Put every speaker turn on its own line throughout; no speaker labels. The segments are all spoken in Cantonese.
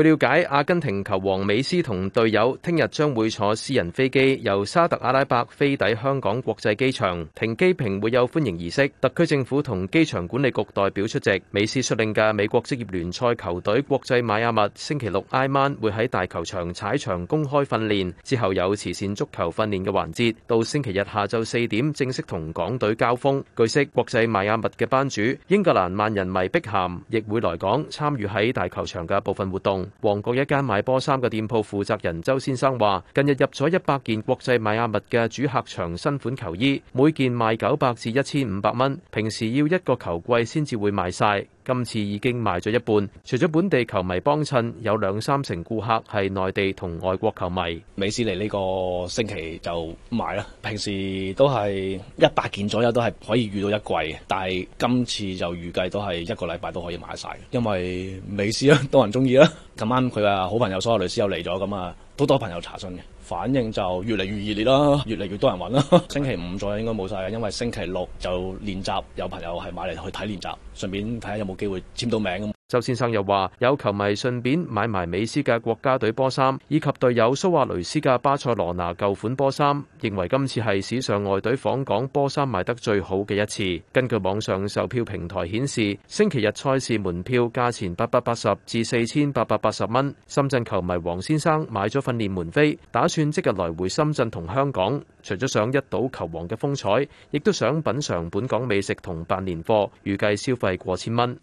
據了解，阿根廷球王美斯同隊友聽日將會坐私人飛機由沙特阿拉伯飛抵香港國際機場停機坪，會有歡迎儀式，特區政府同機場管理局代表出席。美斯率領嘅美國職業聯賽球隊國際邁阿密星期六挨晚會喺大球場踩場公開訓練，之後有慈善足球訓練嘅環節，到星期日下晝四點正式同港隊交鋒。據悉，國際邁阿密嘅班主英格蘭萬人迷碧咸亦會來港參與喺大球場嘅部分活動。旺角一間賣波衫嘅店鋪負責人周先生話，近日入咗一百件國際邁阿密嘅主客場新款球衣，每件賣九百至一千五百蚊，平時要一個球季先至會賣晒。今次已經賣咗一半，除咗本地球迷幫襯，有兩三成顧客係內地同外國球迷。美斯嚟呢個星期就賣啦，平時都係一百件左右，都係可以預到一季，但係今次就預計都係一個禮拜都可以買晒，因為美斯啊多人中意啦。琴晚佢嘅好朋友蘇亞雷斯又嚟咗，咁啊。都多朋友查詢嘅反應就越嚟越熱烈啦，越嚟越多人揾啦。 星期五左右，應該冇曬嘅，因為星期六就練習，有朋友係買嚟去睇練習，順便睇下有冇機會簽到名咁。周先生又話：有球迷順便買埋美斯嘅國家隊波衫，以及隊友蘇亞雷斯嘅巴塞羅那舊款波衫，認為今次係史上外隊訪港波衫賣得最好嘅一次。根據網上售票平台顯示，星期日賽事門票價錢八百八十至四千八百八十蚊。深圳球迷黃先生買咗訓練門飛，打算即日來回深圳同香港，除咗想一睹球王嘅風采，亦都想品嘗本港美食同辦年貨，預計消費過千蚊。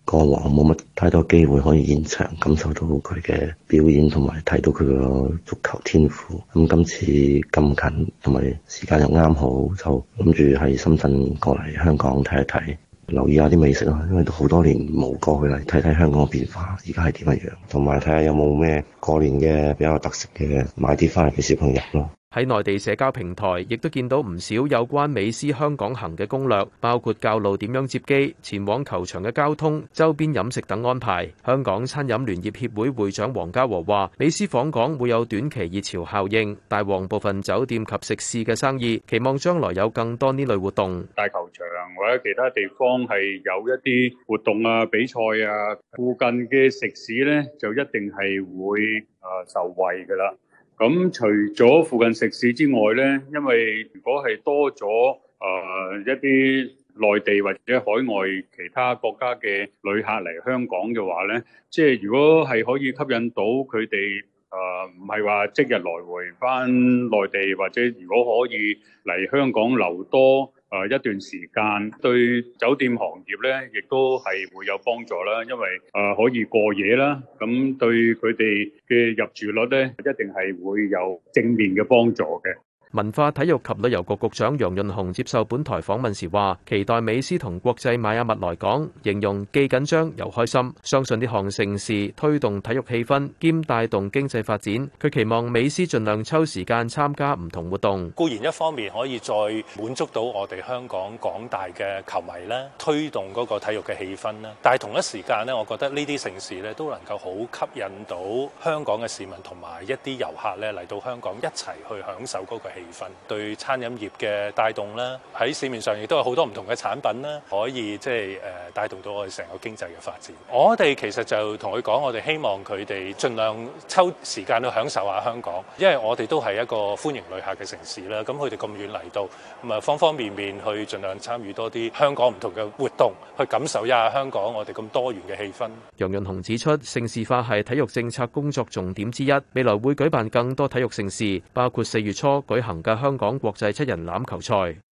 有機會可以現場感受到佢嘅表演，同埋睇到佢個足球天賦。咁今次咁近，同埋時間又啱好，就諗住喺深圳過嚟香港睇一睇，留意下啲美食咯。因為都好多年冇過去啦，睇睇香港嘅變化，而家係點樣樣，同埋睇下有冇咩過年嘅比較特色嘅買啲翻嚟俾小朋友咯。喺內地社交平台，亦都見到唔少有關美斯香港行嘅攻略，包括教路點樣接機、前往球場嘅交通、周邊飲食等安排。香港餐飲聯業協會會長黃家和話：美斯訪港會有短期熱潮效應，帶旺部分酒店及食肆嘅生意，期望將來有更多呢類活動。
大球場或者其他地方係有一啲活動啊、比賽啊，附近嘅食肆呢就一定係會啊受惠㗎喇。咁除咗附近食肆之外呢，因為如果係多咗誒、呃、一啲內地或者海外其他國家嘅旅客嚟香港嘅話呢，即係如果係可以吸引到佢哋誒，唔係話即日來回翻內地，或者如果可以嚟香港留多誒一段時間對酒店行業咧，亦都係會有幫助啦，因為誒可以過夜啦，咁對佢哋嘅入住率咧，一定係會有正面嘅幫助嘅。
文化體育及旅遊局局長楊潤雄接受本台訪問時話,期待美斯同國際邁阿密來港,形容既緊張又開心,相信呢項盛事推動體育氣氛,兼帶動經濟發展,佢期望美斯盡量抽時間參加唔同活動。固然
一方面可以再滿足到我哋香港廣大嘅球迷啦,推動嗰個體育嘅氣氛啦,但係同一時間呢,我覺得呢啲城市呢都能夠好吸引到香港嘅市民同埋一啲遊客呢,嚟到香港一齊去享受嗰個氣氛。培訓對餐飲業嘅帶動啦，喺市面上亦都有好多唔同嘅產品啦，可以即係誒帶動到我哋成個經濟嘅發展。我哋其實就同佢講，我哋希望佢哋盡量抽時間去享受下香港，因為我哋都係一個歡迎旅客嘅城市啦。咁佢哋咁遠嚟到，咁啊方方面面去盡量參與多啲香港唔同嘅活動，去感受一下香港我哋咁多元嘅氣氛。
楊潤雄指出，盛事化係體育政策工作重點之一，未來會舉辦更多體育盛事，包括四月初舉行嘅香港國際七人欖球賽。